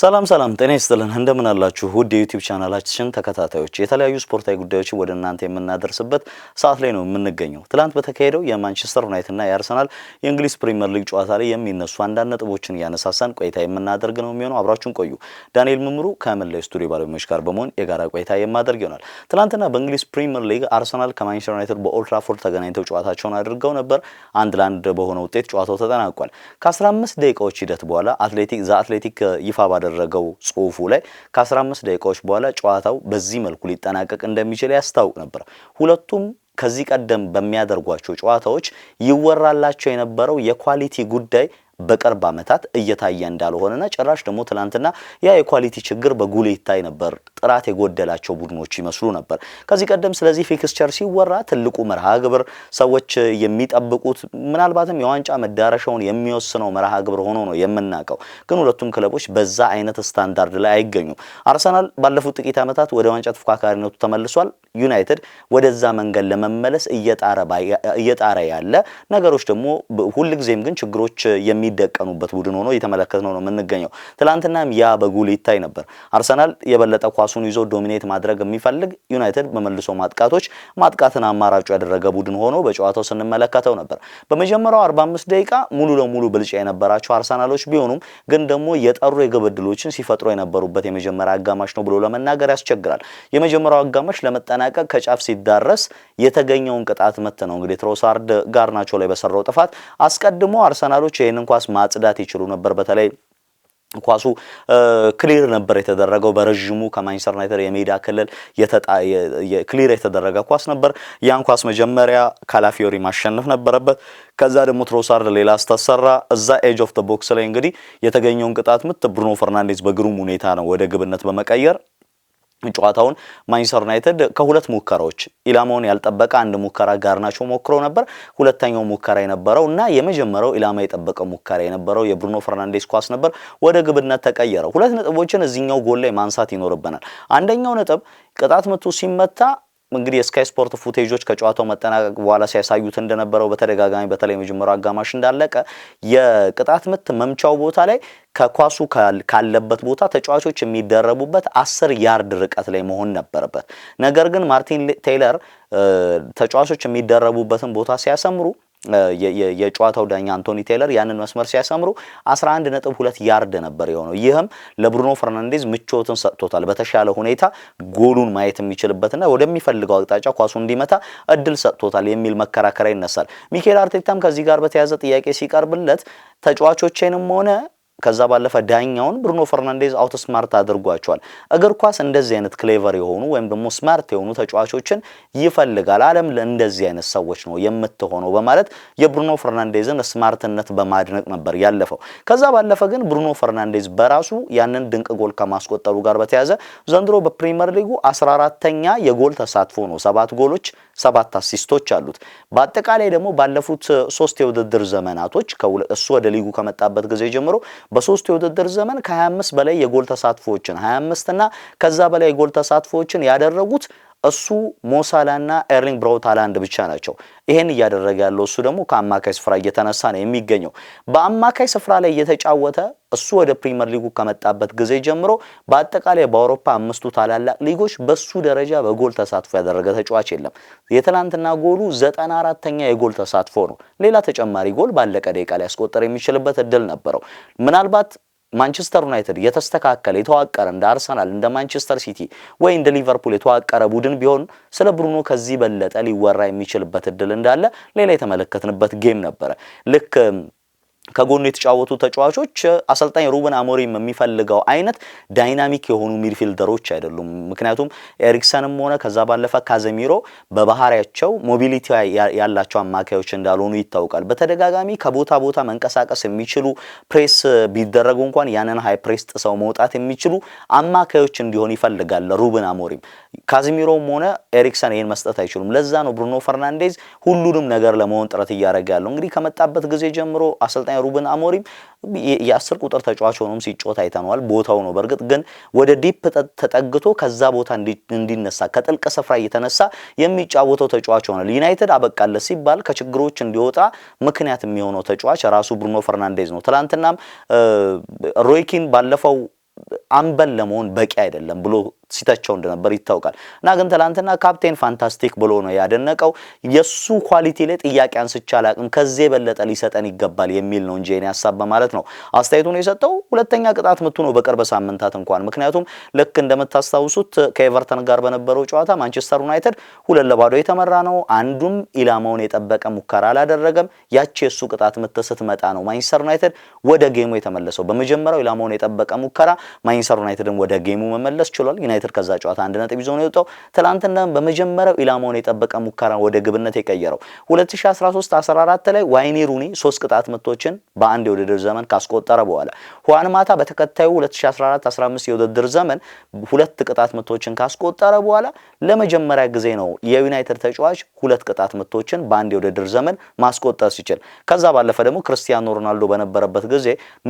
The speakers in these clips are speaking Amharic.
ሰላም ሰላም፣ ጤና ይስጥልን እንደምን አላችሁ? ውድ የዩቲዩብ ቻናላችን ተከታታዮች የተለያዩ ስፖርታዊ ጉዳዮችን ወደ እናንተ የምናደርስበት ሰዓት ላይ ነው የምንገኘው። ትላንት በተካሄደው የማንቸስተር ዩናይትድና የአርሰናል የእንግሊዝ ፕሪምየር ሊግ ጨዋታ ላይ የሚነሱ አንዳንድ ነጥቦችን እያነሳሳን ቆይታ የምናደርግ ነው የሚሆነው። አብራችሁን ቆዩ። ዳንኤል ምምሩ ከመላው ስቱዲዮ ባለሙያዎች ጋር በመሆን የጋራ ቆይታ የማደርግ ይሆናል። ትላንትና በእንግሊዝ ፕሪምየር ሊግ አርሰናል ከማንቸስተር ዩናይትድ በኦልትራፎርድ ተገናኝተው ጨዋታቸውን አድርገው ነበር። አንድ ለአንድ በሆነ ውጤት ጨዋታው ተጠናቋል። ከ15 ደቂቃዎች ሂደት በኋላ አትሌቲክ ዘ አትሌቲክ ይፋ ባደ ባደረገው ጽሁፉ ላይ ከ15 ደቂቃዎች በኋላ ጨዋታው በዚህ መልኩ ሊጠናቀቅ እንደሚችል ያስታውቅ ነበር። ሁለቱም ከዚህ ቀደም በሚያደርጓቸው ጨዋታዎች ይወራላቸው የነበረው የኳሊቲ ጉዳይ በቅርብ ዓመታት እየታየ እንዳልሆነና ጭራሽ ደግሞ ትናንትና ያ የኳሊቲ ችግር በጉል ይታይ ነበር። ጥራት የጎደላቸው ቡድኖች ይመስሉ ነበር ከዚህ ቀደም። ስለዚህ ፊክስቸር ሲወራ ትልቁ መርሃ ግብር ሰዎች የሚጠብቁት ምናልባትም የዋንጫ መዳረሻውን የሚወስነው መርሃ ግብር ሆኖ ነው የምናውቀው። ግን ሁለቱም ክለቦች በዛ አይነት ስታንዳርድ ላይ አይገኙም። አርሰናል ባለፉት ጥቂት ዓመታት ወደ ዋንጫ ተፎካካሪነቱ ተመልሷል። ዩናይትድ ወደዛ መንገድ ለመመለስ እየጣረ ያለ ነገሮች ደግሞ ሁልጊዜም ግን ችግሮች የሚ የሚደቀኑበት ቡድን ሆኖ እየተመለከትነው ነው የምንገኘው። ትላንትናም ያ በጉል ይታይ ነበር። አርሰናል የበለጠ ኳሱን ይዞ ዶሚኔት ማድረግ የሚፈልግ ዩናይትድ በመልሶ ማጥቃቶች ማጥቃትን አማራጩ ያደረገ ቡድን ሆኖ በጨዋታው ስንመለከተው ነበር። በመጀመሪያው 45 ደቂቃ ሙሉ ለሙሉ ብልጫ የነበራቸው አርሰናሎች ቢሆኑም ግን ደግሞ የጠሩ የግብ ዕድሎችን ሲፈጥሩ የነበሩበት የመጀመሪያ አጋማሽ ነው ብሎ ለመናገር ያስቸግራል። የመጀመሪያው አጋማሽ ለመጠናቀቅ ከጫፍ ሲዳረስ የተገኘውን ቅጣት መት ነው እንግዲህ ትሮሳርድ ጋርናቾ ላይ በሰራው ጥፋት አስቀድሞ አርሰናሎች ይህን እንኳ ኳስ ማጽዳት ይችሉ ነበር። በተለይ ኳሱ ክሊር ነበር የተደረገው በረዥሙ ከማንቸስተር ዩናይትድ የሜዳ ክልል ክሊር የተደረገ ኳስ ነበር። ያን ኳስ መጀመሪያ ካላፊዮሪ ማሸነፍ ነበረበት። ከዛ ደግሞ ትሮሳርድ ሌላ አስተሰራ። እዛ ኤጅ ኦፍ ቦክስ ላይ እንግዲህ የተገኘውን ቅጣት ምት ብሩኖ ፈርናንዴዝ በግሩም ሁኔታ ነው ወደ ግብነት በመቀየር ጨዋታውን ማንቸስተር ዩናይትድ ከሁለት ሙከራዎች ኢላማውን ያልጠበቀ አንድ ሙከራ ጋርናቾ ሞክሮ ነበር። ሁለተኛው ሙከራ የነበረው እና የመጀመሪያው ኢላማ የጠበቀ ሙከራ የነበረው የብሩኖ ፈርናንዴስ ኳስ ነበር ወደ ግብነት ተቀየረው። ሁለት ነጥቦችን እዚህኛው ጎል ላይ ማንሳት ይኖርብናል። አንደኛው ነጥብ ቅጣት ምቱ ሲመታ እንግዲህ የስካይ ስፖርት ፉቴጆች ከጨዋታው መጠናቀቅ በኋላ ሲያሳዩት እንደነበረው በተደጋጋሚ በተለይ መጀመሪያው አጋማሽ እንዳለቀ የቅጣት ምት መምቻው ቦታ ላይ ከኳሱ ካለበት ቦታ ተጫዋቾች የሚደረቡበት አስር ያርድ ርቀት ላይ መሆን ነበረበት። ነገር ግን ማርቲን ቴይለር ተጫዋቾች የሚደረቡበትን ቦታ ሲያሰምሩ የጨዋታው ዳኛ አንቶኒ ቴይለር ያንን መስመር ሲያሰምሩ 11.2 ያርድ ነበር የሆነው። ይህም ለብሩኖ ፈርናንዴዝ ምቾትን ሰጥቶታል። በተሻለ ሁኔታ ጎሉን ማየት የሚችልበትና ወደሚፈልገው አቅጣጫ ኳሱ እንዲመታ እድል ሰጥቶታል የሚል መከራከሪያ ይነሳል። ሚኬል አርቴታም ከዚህ ጋር በተያያዘ ጥያቄ ሲቀርብለት ተጫዋቾቼንም ሆነ ከዛ ባለፈ ዳኛውን ብሩኖ ፈርናንዴዝ አውቶ ስማርት አድርጓቸዋል። እግር ኳስ እንደዚህ አይነት ክሌቨር የሆኑ ወይም ደግሞ ስማርት የሆኑ ተጫዋቾችን ይፈልጋል። ዓለም ለእንደዚህ አይነት ሰዎች ነው የምትሆነው በማለት የብሩኖ ፈርናንዴዝን ስማርትነት በማድነቅ ነበር ያለፈው። ከዛ ባለፈ ግን ብሩኖ ፈርናንዴዝ በራሱ ያንን ድንቅ ጎል ከማስቆጠሩ ጋር በተያዘ ዘንድሮ በፕሪምየር ሊጉ 14ተኛ የጎል ተሳትፎ ነው። ሰባት ጎሎች፣ ሰባት አሲስቶች አሉት። በአጠቃላይ ደግሞ ባለፉት ሶስት የውድድር ዘመናቶች እሱ ወደ ሊጉ ከመጣበት ጊዜ ጀምሮ በሶስቱ የውድድር ዘመን ከ25 በላይ የጎል ተሳትፎዎችን 25 እና ከዛ በላይ የጎል ተሳትፎዎችን ያደረጉት እሱ ሞሳላና ኤርሊንግ ብራውት ሃላንድ ብቻ ናቸው። ይሄን እያደረገ ያለው እሱ ደግሞ ከአማካይ ስፍራ እየተነሳ ነው የሚገኘው። በአማካይ ስፍራ ላይ እየተጫወተ እሱ ወደ ፕሪሚየር ሊጉ ከመጣበት ጊዜ ጀምሮ በአጠቃላይ በአውሮፓ አምስቱ ታላላቅ ሊጎች በሱ ደረጃ በጎል ተሳትፎ ያደረገ ተጫዋች የለም። የትላንትና ጎሉ ዘጠና አራተኛ የጎል ተሳትፎ ነው። ሌላ ተጨማሪ ጎል ባለቀ ደቂቃ ሊያስቆጠር የሚችልበት እድል ነበረው። ምናልባት ማንቸስተር ዩናይትድ የተስተካከለ የተዋቀረ እንደ አርሰናል እንደ ማንቸስተር ሲቲ ወይ እንደ ሊቨርፑል የተዋቀረ ቡድን ቢሆን ስለ ብሩኖ ከዚህ በለጠ ሊወራ የሚችልበት እድል እንዳለ ሌላ የተመለከትንበት ጌም ነበረ። ልክ ከጎኑ የተጫወቱ ተጫዋቾች አሰልጣኝ ሩበን አሞሪም የሚፈልገው አይነት ዳይናሚክ የሆኑ ሚድፊልደሮች አይደሉም። ምክንያቱም ኤሪክሰንም ሆነ ከዛ ባለፈ ካዘሚሮ በባህሪያቸው ሞቢሊቲ ያላቸው አማካዮች እንዳልሆኑ ይታወቃል። በተደጋጋሚ ከቦታ ቦታ መንቀሳቀስ የሚችሉ ፕሬስ ቢደረጉ እንኳን ያንን ሀይ ፕሬስ ጥሰው መውጣት የሚችሉ አማካዮች እንዲሆን ይፈልጋል ሩበን አሞሪም። ካዚሚሮም ሆነ ኤሪክሰን ይህን መስጠት አይችሉም። ለዛ ነው ብሩኖ ፈርናንዴዝ ሁሉንም ነገር ለመሆን ጥረት እያደረገ ያለው። እንግዲህ ከመጣበት ጊዜ ጀምሮ አሰልጣኝ ሩብን አሞሪም የአስር ቁጥር ተጫዋች ሆኖም ሲጮት አይተነዋል። ቦታው ነው በእርግጥ ግን ወደ ዲፕ ተጠግቶ ከዛ ቦታ እንዲነሳ ከጥልቅ ስፍራ እየተነሳ የሚጫወተው ተጫዋች ሆነ። ዩናይትድ አበቃለት ሲባል ከችግሮች እንዲወጣ ምክንያት የሚሆነው ተጫዋች ራሱ ብሩኖ ፈርናንዴዝ ነው። ትላንትናም ሮይኪን ባለፈው አንበል ለመሆን በቂ አይደለም ብሎ ሲተቸው እንደነበር ይታወቃል እና ግን ትላንትና ካፕቴን ፋንታስቲክ ብሎ ነው ያደነቀው። የሱ ኳሊቲ ላይ ጥያቄ አንስቼ አላቅም፣ ከዚህ የበለጠ ሊሰጠን ይገባል የሚል ነው እንጂ የኔ ሀሳብ በማለት ነው አስተያየቱን የሰጠው። ሁለተኛ ቅጣት ምቱ ነው በቅርብ ሳምንታት እንኳን ምክንያቱም ልክ እንደምታስታውሱት ከኤቨርተን ጋር በነበረው ጨዋታ ማንቸስተር ዩናይትድ ሁለት ለባዶ የተመራ ነው። አንዱም ኢላማውን የጠበቀ ሙከራ አላደረገም። ያቺ የሱ ቅጣት ምት ስትመጣ ነው ማንቸስተር ዩናይትድ ወደ ጌሙ የተመለሰው። በመጀመሪያው ኢላማውን የጠበቀ ሙከራ ማንቸስተር ዩናይትድን ወደ ጌሙ መመለስ ችሏል። ዩናይትድ ከዛ ጨዋታ አንድ ነጥብ ይዞ ነው የወጣው። ትላንትና በመጀመሪያው ኢላማውን የጠበቀ ሙከራ ወደ ግብነት የቀየረው 2013 14 ላይ ዋይኒ ሩኒ ሶስት ቅጣት ምቶችን በአንድ የውድድር ዘመን ካስቆጠረ በኋላ ሁዋን ማታ በተከታዩ 2014 15 የውድድር ዘመን ሁለት ቅጣት ምቶችን ካስቆጠረ በኋላ ለመጀመሪያ ጊዜ ነው የዩናይትድ ተጫዋች ሁለት ቅጣት ምቶችን በአንድ የውድድር ዘመን ማስቆጠር ሲችል ከዛ ባለፈ ደግሞ ክርስቲያኖ ሮናልዶ በነበረበት ጊዜ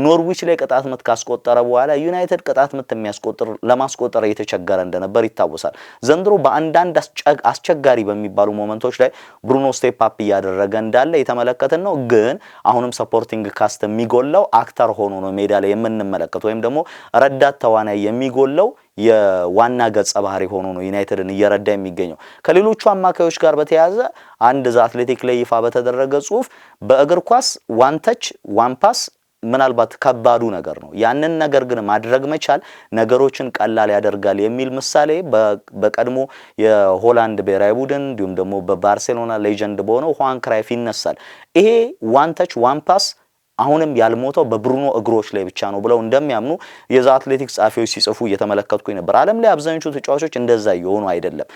ኖርዊች ላይ ቅጣት ምት ካስቆጠረ በኋላ ዩናይትድ ቅጣት ምት የሚያስቆጥር ለማስቆጠር እየተቸገረ እየተቸገረ እንደነበር ይታወሳል። ዘንድሮ በአንዳንድ አስቸጋሪ በሚባሉ ሞመንቶች ላይ ብሩኖ ስቴፕ አፕ እያደረገ እንዳለ የተመለከትን ነው። ግን አሁንም ሰፖርቲንግ ካስት የሚጎላው አክተር ሆኖ ነው ሜዳ ላይ የምንመለከት ወይም ደግሞ ረዳት ተዋናይ የሚጎላው የዋና ገጸ ባህሪ ሆኖ ነው ዩናይትድን እየረዳ የሚገኘው። ከሌሎቹ አማካዮች ጋር በተያያዘ አንድ ዛ አትሌቲክ ላይ ይፋ በተደረገ ጽሁፍ በእግር ኳስ ዋን ተች ዋን ፓስ ምናልባት ከባዱ ነገር ነው። ያንን ነገር ግን ማድረግ መቻል ነገሮችን ቀላል ያደርጋል የሚል ምሳሌ በቀድሞ የሆላንድ ብሔራዊ ቡድን እንዲሁም ደግሞ በባርሴሎና ሌጀንድ በሆነው ሁዋን ክራይፍ ይነሳል። ይሄ ዋን ተች ዋን ፓስ አሁንም ያልሞተው በብሩኖ እግሮች ላይ ብቻ ነው ብለው እንደሚያምኑ የዛ አትሌቲክስ ጸሐፊዎች ሲጽፉ እየተመለከትኩኝ ነበር። ዓለም ላይ አብዛኞቹ ተጫዋቾች እንደዛ የሆኑ አይደለም።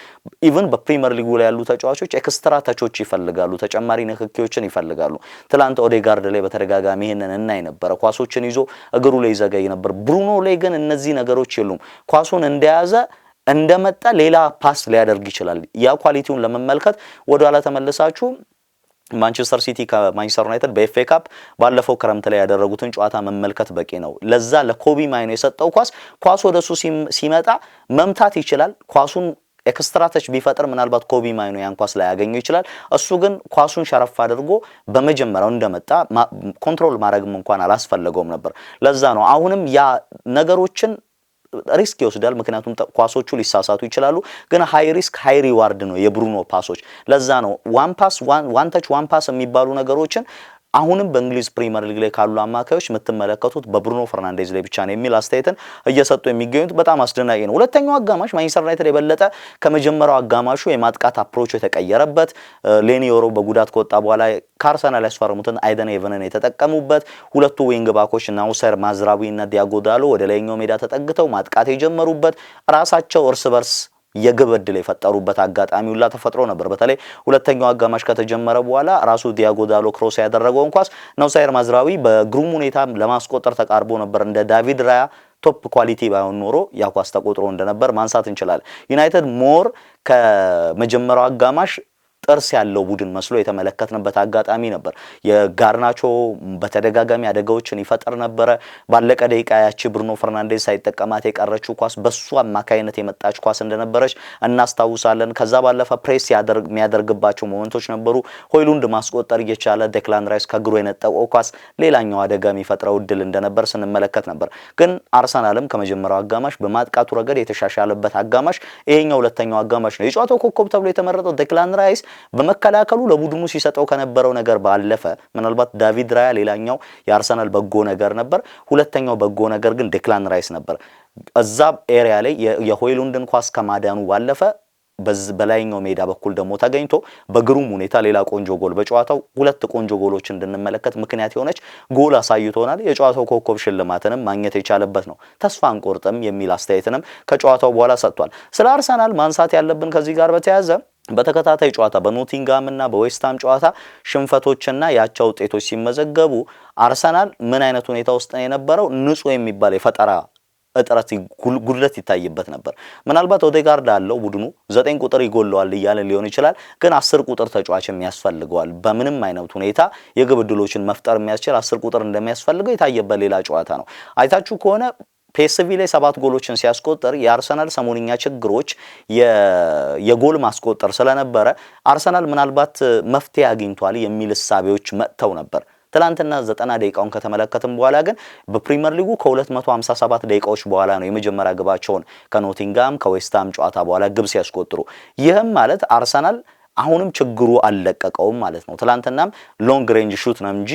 ኢቭን በፕሪሚየር ሊጉ ላይ ያሉ ተጫዋቾች ኤክስትራ ተቾች ይፈልጋሉ፣ ተጨማሪ ንክኪዎችን ይፈልጋሉ። ትላንት ኦዴጋርድ ላይ በተደጋጋሚ ይህንን እናይ ነበረ። ኳሶችን ይዞ እግሩ ላይ ይዘገይ ነበር። ብሩኖ ላይ ግን እነዚህ ነገሮች የሉም። ኳሱን እንደያዘ እንደመጣ ሌላ ፓስ ሊያደርግ ይችላል። ያ ኳሊቲውን ለመመልከት ወደኋላ ተመልሳችሁ ማንቸስተር ሲቲ ከማንቸስተር ዩናይትድ በኤፍኤ ካፕ ባለፈው ክረምት ላይ ያደረጉትን ጨዋታ መመልከት በቂ ነው። ለዛ ለኮቢ ማይኖ የሰጠው ኳስ ወደ ወደሱ ሲመጣ መምታት ይችላል። ኳሱን ኤክስትራ ተች ቢፈጥር ምናልባት ኮቢ ማይኖ ያን ኳስ ላይ ያገኘው ይችላል። እሱ ግን ኳሱን ሸረፍ አድርጎ በመጀመሪያው እንደመጣ ኮንትሮል ማድረግም እንኳን አላስፈለገውም ነበር። ለዛ ነው አሁንም ያ ነገሮችን ሪስክ ይወስዳል። ምክንያቱም ኳሶቹ ሊሳሳቱ ይችላሉ። ግን ሃይ ሪስክ ሃይ ሪዋርድ ነው የብሩኖ ፓሶች። ለዛ ነው ዋን ፓስ ዋን ተች ዋን ፓስ የሚባሉ ነገሮችን አሁንም በእንግሊዝ ፕሪሚየር ሊግ ላይ ካሉ አማካዮች የምትመለከቱት በብሩኖ ፈርናንዴዝ ላይ ብቻ ነው የሚል አስተያየትን እየሰጡ የሚገኙት በጣም አስደናቂ ነው። ሁለተኛው አጋማሽ ማንቸስተር ዩናይትድ የበለጠ ከመጀመሪያው አጋማሹ የማጥቃት አፕሮች የተቀየረበት ሌኒ ዮሮ በጉዳት ከወጣ በኋላ ከአርሰናል ያስፈረሙትን አይደን ኤቨንን የተጠቀሙበት ሁለቱ ዊንግ ባኮች ናውሰር ማዝራዊ እና ዲያጎ ዳሎ ወደ ላይኛው ሜዳ ተጠግተው ማጥቃት የጀመሩበት ራሳቸው እርስ በርስ የግብ እድል የፈጠሩበት አጋጣሚ ሁላ ተፈጥሮ ነበር። በተለይ ሁለተኛው አጋማሽ ከተጀመረ በኋላ ራሱ ዲያጎ ዳሎ ክሮስ ያደረገውን ኳስ ነውሳይር ማዝራዊ በግሩም ሁኔታ ለማስቆጠር ተቃርቦ ነበር። እንደ ዳቪድ ራያ ቶፕ ኳሊቲ ባይሆን ኖሮ ያ ኳስ ተቆጥሮ እንደነበር ማንሳት እንችላለን። ዩናይትድ ሞር ከመጀመሪያው አጋማሽ ጥርስ ያለው ቡድን መስሎ የተመለከትንበት አጋጣሚ ነበር። የጋርናቾ በተደጋጋሚ አደጋዎችን ይፈጥር ነበረ። ባለቀ ደቂቃ ያቺ ብሩኖ ፈርናንዴዝ ሳይጠቀማት የቀረችው ኳስ በሱ አማካይነት የመጣች ኳስ እንደነበረች እናስታውሳለን። ከዛ ባለፈ ፕሬስ የሚያደርግባቸው ሞመንቶች ነበሩ። ሆይሉንድ ማስቆጠር እየቻለ ዴክላን ራይስ ከግሩ የነጠቀው ኳስ ሌላኛው አደጋ የሚፈጥረው እድል እንደነበር ስንመለከት ነበር። ግን አርሰናልም ከመጀመሪያው አጋማሽ በማጥቃቱ ረገድ የተሻሻለበት አጋማሽ ይሄኛው ሁለተኛው አጋማሽ ነው። የጨዋታው ኮከብ ተብሎ የተመረጠው ዴክላን ራይስ በመከላከሉ ለቡድኑ ሲሰጠው ከነበረው ነገር ባለፈ ምናልባት ዳቪድ ራያ ሌላኛው የአርሰናል በጎ ነገር ነበር። ሁለተኛው በጎ ነገር ግን ዴክላን ራይስ ነበር። እዛ ኤሪያ ላይ የሆይሉንድን ኳስ ከማዳኑ ባለፈ በላይኛው ሜዳ በኩል ደግሞ ተገኝቶ በግሩም ሁኔታ ሌላ ቆንጆ ጎል በጨዋታው ሁለት ቆንጆ ጎሎች እንድንመለከት ምክንያት የሆነች ጎል አሳይቶናል። የጨዋታው ኮከብ ሽልማትንም ማግኘት የቻለበት ነው። ተስፋ አንቆርጥም የሚል አስተያየትንም ከጨዋታው በኋላ ሰጥቷል። ስለ አርሰናል ማንሳት ያለብን ከዚህ ጋር በተያያዘ በተከታታይ ጨዋታ በኖቲንጋምና እና በዌስትሃም ጨዋታ ሽንፈቶችና የአቻ ውጤቶች ሲመዘገቡ አርሰናል ምን አይነት ሁኔታ ውስጥ ነው የነበረው? ንጹህ የሚባል የፈጠራ እጥረት ጉድለት ይታይበት ነበር። ምናልባት ኦዴጋርድ አለው ቡድኑ ዘጠኝ ቁጥር ይጎለዋል እያለ ሊሆን ይችላል፣ ግን አስር ቁጥር ተጫዋችም ያስፈልገዋል። በምንም አይነት ሁኔታ የግብ ዕድሎችን መፍጠር የሚያስችል አስር ቁጥር እንደሚያስፈልገው የታየበት ሌላ ጨዋታ ነው። አይታችሁ ከሆነ ፒኤስቪ ላይ ሰባት ጎሎችን ሲያስቆጠር የአርሰናል ሰሞንኛ ችግሮች የጎል ማስቆጠር ስለነበረ አርሰናል ምናልባት መፍትሄ አግኝቷል የሚል እሳቤዎች መጥተው ነበር። ትላንትና 90 ደቂቃውን ከተመለከትም በኋላ ግን በፕሪሚየር ሊጉ ከ257 ደቂቃዎች በኋላ ነው የመጀመሪያ ግባቸውን ከኖቲንጋም ከዌስትሃም ጨዋታ በኋላ ግብ ሲያስቆጥሩ ይህም ማለት አርሰናል አሁንም ችግሩ አልለቀቀውም ማለት ነው። ትላንትናም ሎንግ ሬንጅ ሹት ነው እንጂ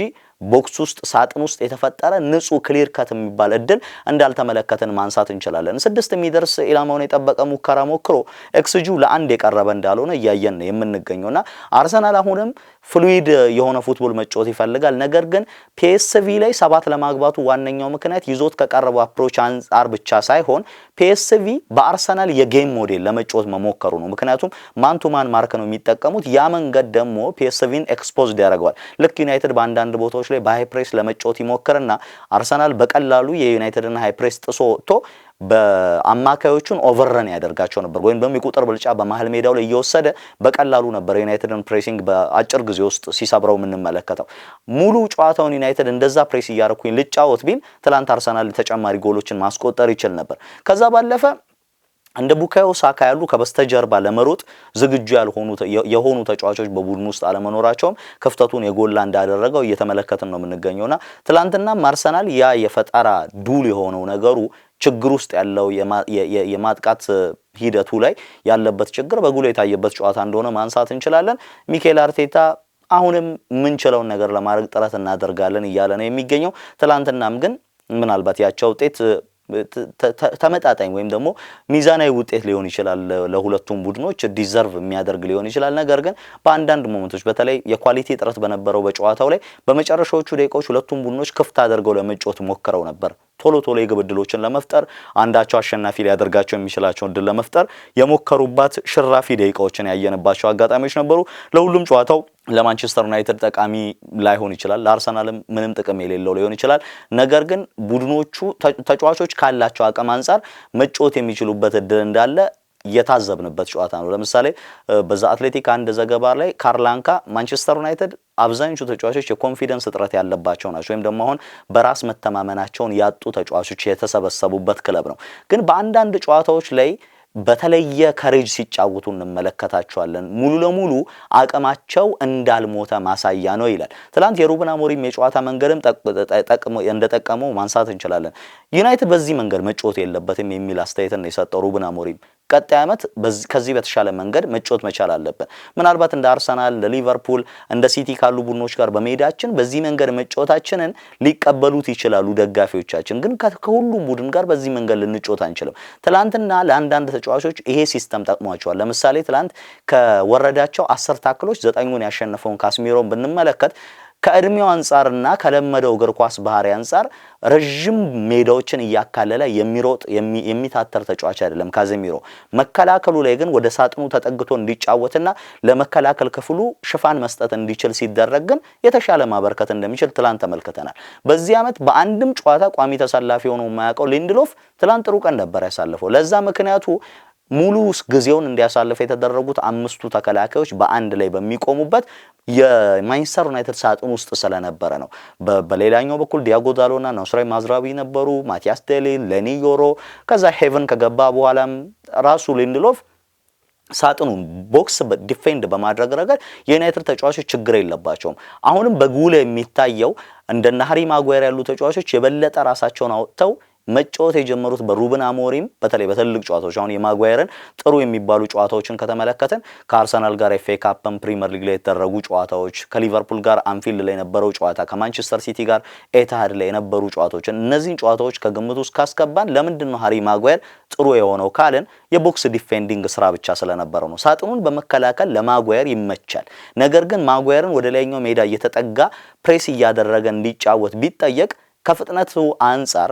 ቦክስ ውስጥ ሳጥን ውስጥ የተፈጠረ ንጹህ ክሊር ከት የሚባል እድል እንዳልተመለከትን ማንሳት እንችላለን። ስድስት የሚደርስ ኢላማውን የጠበቀ ሙከራ ሞክሮ ኤክስጁ ለአንድ የቀረበ እንዳልሆነ እያየን ነው የምንገኘውና አርሰናል አሁንም ፍሉይድ የሆነ ፉትቦል መጫወት ይፈልጋል። ነገር ግን ፒኤስቪ ላይ ሰባት ለማግባቱ ዋነኛው ምክንያት ይዞት ከቀረበው አፕሮች አንጻር ብቻ ሳይሆን ፒኤስቪ በአርሰናል የጌም ሞዴል ለመጫወት መሞከሩ ነው። ምክንያቱም ማንቱማን ማርክ ነው የሚጠቀሙት። ያ መንገድ ደግሞ ፒኤስቪን ኤክስፖዝድ ያደርገዋል። ልክ ዩናይትድ በአንዳንድ ቦታዎች ላይ በሃይፕሬስ ለመጫወት ይሞክርና አርሰናል በቀላሉ የዩናይትድን ሃይፕሬስ ጥሶ ወጥቶ በአማካዮቹን ኦቨርረን ያደርጋቸው ነበር፣ ወይም ደግሞ የቁጥር ብልጫ በመሀል ሜዳው ላይ እየወሰደ በቀላሉ ነበር ዩናይትድን ፕሬሲንግ በአጭር ጊዜ ውስጥ ሲሰብረው የምንመለከተው። ሙሉ ጨዋታውን ዩናይትድ እንደዛ ፕሬስ እያረኩኝ ልጫወት ቢል ትላንት አርሰናል ተጨማሪ ጎሎችን ማስቆጠር ይችል ነበር። ከዛ ባለፈ እንደ ቡካዮ ሳካ ያሉ ከበስተጀርባ ለመሮጥ ዝግጁ ያልሆኑ የሆኑ ተጫዋቾች በቡድን ውስጥ አለመኖራቸውም ክፍተቱን የጎላ እንዳደረገው እየተመለከትን ነው የምንገኘውና ትላንትና አርሰናል ያ የፈጠራ ዱል የሆነው ነገሩ ችግር ውስጥ ያለው የማጥቃት ሂደቱ ላይ ያለበት ችግር በጉሎ የታየበት ጨዋታ እንደሆነ ማንሳት እንችላለን። ሚኬል አርቴታ አሁንም የምንችለውን ነገር ለማድረግ ጥረት እናደርጋለን እያለ ነው የሚገኘው። ትላንትናም ግን ምናልባት ያቸው ውጤት ተመጣጣኝ ወይም ደግሞ ሚዛናዊ ውጤት ሊሆን ይችላል። ለሁለቱም ቡድኖች ዲዘርቭ የሚያደርግ ሊሆን ይችላል። ነገር ግን በአንዳንድ ሞመንቶች በተለይ የኳሊቲ እጥረት በነበረው በጨዋታው ላይ በመጨረሻዎቹ ደቂቃዎች ሁለቱም ቡድኖች ክፍት አድርገው ለመጫወት ሞክረው ነበር። ቶሎ ቶሎ የግብ ዕድሎችን ለመፍጠር አንዳቸው አሸናፊ ሊያደርጋቸው የሚችላቸውን ድል ለመፍጠር የሞከሩባት ሽራፊ ደቂቃዎችን ያየንባቸው አጋጣሚዎች ነበሩ። ለሁሉም ጨዋታው ለማንቸስተር ዩናይትድ ጠቃሚ ላይሆን ይችላል። ለአርሰናልም ምንም ጥቅም የሌለው ሊሆን ይችላል። ነገር ግን ቡድኖቹ ተጫዋቾች ካላቸው አቅም አንጻር መጫወት የሚችሉበት እድል እንዳለ የታዘብንበት ጨዋታ ነው። ለምሳሌ በዛ አትሌቲክ አንድ ዘገባ ላይ ካርላንካ ማንቸስተር ዩናይትድ አብዛኞቹ ተጫዋቾች የኮንፊደንስ እጥረት ያለባቸው ናቸው፣ ወይም ደግሞ አሁን በራስ መተማመናቸውን ያጡ ተጫዋቾች የተሰበሰቡበት ክለብ ነው። ግን በአንዳንድ ጨዋታዎች ላይ በተለየ ከሬጅ ሲጫወቱ እንመለከታቸዋለን። ሙሉ ለሙሉ አቅማቸው እንዳልሞተ ማሳያ ነው ይላል። ትላንት የሩበን አሞሪም የጨዋታ መንገድም እንደጠቀመው ማንሳት እንችላለን። ዩናይትድ በዚህ መንገድ መጫወት የለበትም የሚል አስተያየት ነው የሰጠው ሩበን አሞሪም። ቀጣይ ዓመት ከዚህ በተሻለ መንገድ መጫወት መቻል አለብን። ምናልባት እንደ አርሰናል፣ ለሊቨርፑል፣ እንደ ሲቲ ካሉ ቡድኖች ጋር በሜዳችን በዚህ መንገድ መጫወታችንን ሊቀበሉት ይችላሉ ደጋፊዎቻችን። ግን ከሁሉም ቡድን ጋር በዚህ መንገድ ልንጫወት አንችልም። ትላንትና ለአንዳንድ ተጫዋቾች ይሄ ሲስተም ጠቅሟቸዋል። ለምሳሌ ትላንት ከወረዳቸው አስር ታክሎች ዘጠኙን ያሸነፈውን ካስሚሮን ብንመለከት ከእድሜው አንጻርና ከለመደው እግር ኳስ ባህሪ አንጻር ረዥም ሜዳዎችን እያካለለ የሚሮጥ የሚታተር ተጫዋች አይደለም ካዘሚሮ። መከላከሉ ላይ ግን ወደ ሳጥኑ ተጠግቶ እንዲጫወትና ለመከላከል ክፍሉ ሽፋን መስጠት እንዲችል ሲደረግ ግን የተሻለ ማበርከት እንደሚችል ትላንት ተመልክተናል። በዚህ ዓመት በአንድም ጨዋታ ቋሚ ተሰላፊ ሆኖ የማያውቀው ሊንድሎፍ ትላንት ጥሩ ቀን ነበር ያሳለፈው። ለዛ ምክንያቱ ሙሉ ጊዜውን እንዲያሳልፍ የተደረጉት አምስቱ ተከላካዮች በአንድ ላይ በሚቆሙበት የማንችስተር ዩናይትድ ሳጥን ውስጥ ስለነበረ ነው። በሌላኛው በኩል ዲያጎ ዳሎና ናስራዊ ማዝራዊ ነበሩ። ማቲያስ ቴሊን፣ ሌኒ ዮሮ ከዛ ሄቨን ከገባ በኋላም ራሱ ሊንድሎፍ ሳጥኑን ቦክስ ዲፌንድ በማድረግ ረገድ የዩናይትድ ተጫዋቾች ችግር የለባቸውም። አሁንም በጉል የሚታየው እንደ ሃሪ ማጓየር ያሉ ተጫዋቾች የበለጠ ራሳቸውን አውጥተው መጫወት የጀመሩት በሩብን አሞሪም በተለይ በትልቅ ጨዋታዎች አሁን የማጓየርን ጥሩ የሚባሉ ጨዋታዎችን ከተመለከትን ከአርሰናል ጋር ኤፍ ኤ ካፕን ፕሪምየር ሊግ ላይ የተደረጉ ጨዋታዎች ከሊቨርፑል ጋር አንፊልድ ላይ የነበረው ጨዋታ ከማንቸስተር ሲቲ ጋር ኤትሃድ ላይ የነበሩ ጨዋታዎችን እነዚህን ጨዋታዎች ከግምት ውስጥ ካስገባን ለምንድን ነው ማጓየር ጥሩ የሆነው ካልን የቦክስ ዲፌንዲንግ ስራ ብቻ ስለነበረው ነው። ሳጥኑን በመከላከል ለማጓየር ይመቻል። ነገር ግን ማጓየርን ወደ ላይኛው ሜዳ እየተጠጋ ፕሬስ እያደረገ እንዲጫወት ቢጠየቅ ከፍጥነቱ አንጻር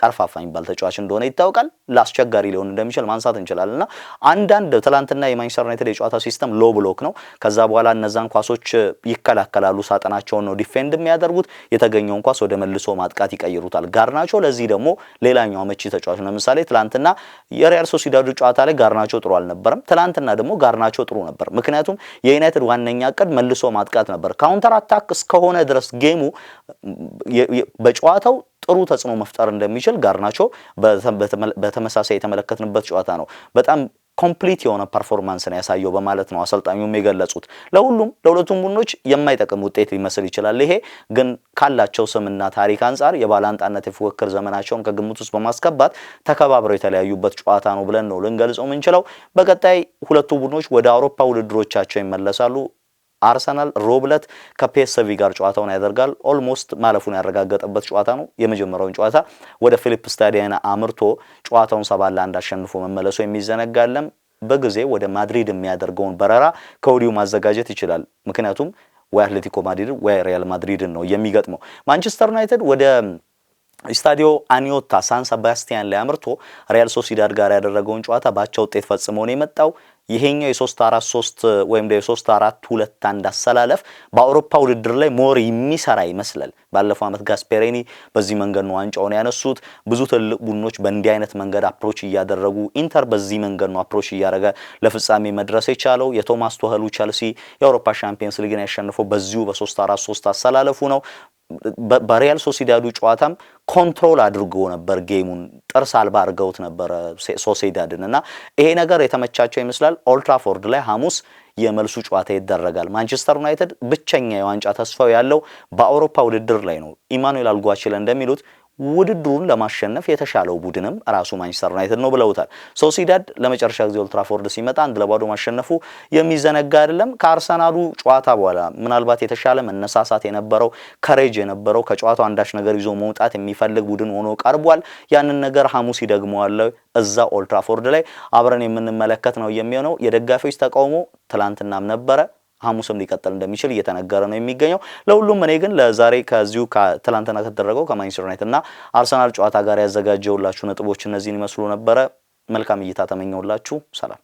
ቀርፋፋ የሚባል ተጫዋች እንደሆነ ይታወቃል። ለአስቸጋሪ ሊሆን እንደሚችል ማንሳት እንችላለን እና አንዳንድ ትላንትና የማንቸስተር ዩናይትድ የጨዋታ ሲስተም ሎ ብሎክ ነው። ከዛ በኋላ እነዛን ኳሶች ይከላከላሉ፣ ሳጥናቸውን ነው ዲፌንድ የሚያደርጉት። የተገኘውን ኳስ ወደ መልሶ ማጥቃት ይቀይሩታል። ጋርናቾ ለዚህ ደግሞ ሌላኛው አመቺ ተጫዋች ነው። ለምሳሌ ትላንትና የሪያል ሶሲዳዱ ጨዋታ ላይ ጋርናቾ ጥሩ አልነበረም። ትላንትና ደግሞ ጋርናቾ ጥሩ ነበር። ምክንያቱም የዩናይትድ ዋነኛ እቅድ መልሶ ማጥቃት ነበር። ካውንተር አታክ እስከሆነ ድረስ ጌሙ በጨዋታው ጥሩ ተጽዕኖ መፍጠር እንደሚችል ጋርናቾ በተመሳሳይ የተመለከትንበት ጨዋታ ነው። በጣም ኮምፕሊት የሆነ ፐርፎርማንስ ነው ያሳየው በማለት ነው አሰልጣኙም የገለጹት። ለሁሉም ለሁለቱም ቡድኖች የማይጠቅም ውጤት ሊመስል ይችላል። ይሄ ግን ካላቸው ስምና ታሪክ አንጻር የባላንጣነት የፉክክር ዘመናቸውን ከግምት ውስጥ በማስገባት ተከባብረው የተለያዩበት ጨዋታ ነው ብለን ነው ልንገልጸው የምንችለው። በቀጣይ ሁለቱ ቡድኖች ወደ አውሮፓ ውድድሮቻቸው ይመለሳሉ። አርሰናል ሮብለት ከፒኤስቪ ጋር ጨዋታውን ያደርጋል። ኦልሞስት ማለፉን ያረጋገጠበት ጨዋታ ነው። የመጀመሪያውን ጨዋታ ወደ ፊሊፕ ስታዲየን አምርቶ ጨዋታውን ሰባ ለአንድ አሸንፎ መመለሱ የሚዘነጋለም። በጊዜ ወደ ማድሪድ የሚያደርገውን በረራ ከወዲሁ ማዘጋጀት ይችላል። ምክንያቱም ወይ አትሌቲኮ ማድሪድ ወይ ሪያል ማድሪድን ነው የሚገጥመው። ማንቸስተር ዩናይትድ ወደ ስታዲዮ አኒዮታ ሳን ሰባስቲያን ላይ አምርቶ ሪያል ሶሲዳድ ጋር ያደረገውን ጨዋታ ባቻ ውጤት ፈጽሞ ነው የመጣው። ይሄኛው የሶስት አራት ሶስት ወይም የሶስት አራት ሁለት አንድ አሰላለፍ በአውሮፓ ውድድር ላይ ሞር የሚሰራ ይመስላል። ባለፈው ዓመት ጋስፔሬኒ በዚህ መንገድ ነው ዋንጫውን ያነሱት። ብዙ ትልቅ ቡድኖች በእንዲህ አይነት መንገድ አፕሮች እያደረጉ፣ ኢንተር በዚህ መንገድ ነው አፕሮች እያደረገ ለፍጻሜ መድረስ የቻለው። የቶማስ ቶኸሉ ቸልሲ የአውሮፓ ሻምፒየንስ ሊግን ያሸንፈው በዚሁ በሶስት አራት ሶስት አሰላለፉ ነው። በሪያል ሶሲዳዱ ጨዋታም ኮንትሮል አድርጎ ነበር ጌሙን፣ ጥርስ አልባ አድርገውት ነበረ ሶሲዳድን እና ይሄ ነገር የተመቻቸው ይመስላል። ኦልትራፎርድ ላይ ሐሙስ የመልሱ ጨዋታ ይደረጋል። ማንቸስተር ዩናይትድ ብቸኛ የዋንጫ ተስፋው ያለው በአውሮፓ ውድድር ላይ ነው። ኢማኑኤል አልጓችለ እንደሚሉት ውድድሩን ለማሸነፍ የተሻለው ቡድንም ራሱ ማንቸስተር ዩናይትድ ነው ብለውታል። ሶሲዳድ ለመጨረሻ ጊዜ ኦልትራፎርድ ሲመጣ አንድ ለባዶ ማሸነፉ የሚዘነጋ አይደለም። ከአርሰናሉ ጨዋታ በኋላ ምናልባት የተሻለ መነሳሳት የነበረው ከሬጅ የነበረው ከጨዋታው አንዳች ነገር ይዞ መውጣት የሚፈልግ ቡድን ሆኖ ቀርቧል። ያንን ነገር ሐሙስ ይደግመዋል እዛ ኦልትራፎርድ ላይ አብረን የምንመለከት ነው የሚሆነው። የደጋፊዎች ተቃውሞ ትላንትናም ነበረ። ሐሙስም ሊቀጥል እንደሚችል እየተነገረ ነው የሚገኘው። ለሁሉም እኔ ግን ለዛሬ ከዚሁ ትላንትና ከተደረገው ከማንቸስተር ዩናይትድ እና አርሰናል ጨዋታ ጋር ያዘጋጀውላችሁ ነጥቦች እነዚህን ይመስሉ ነበረ። መልካም እይታ ተመኘውላችሁ። ሰላም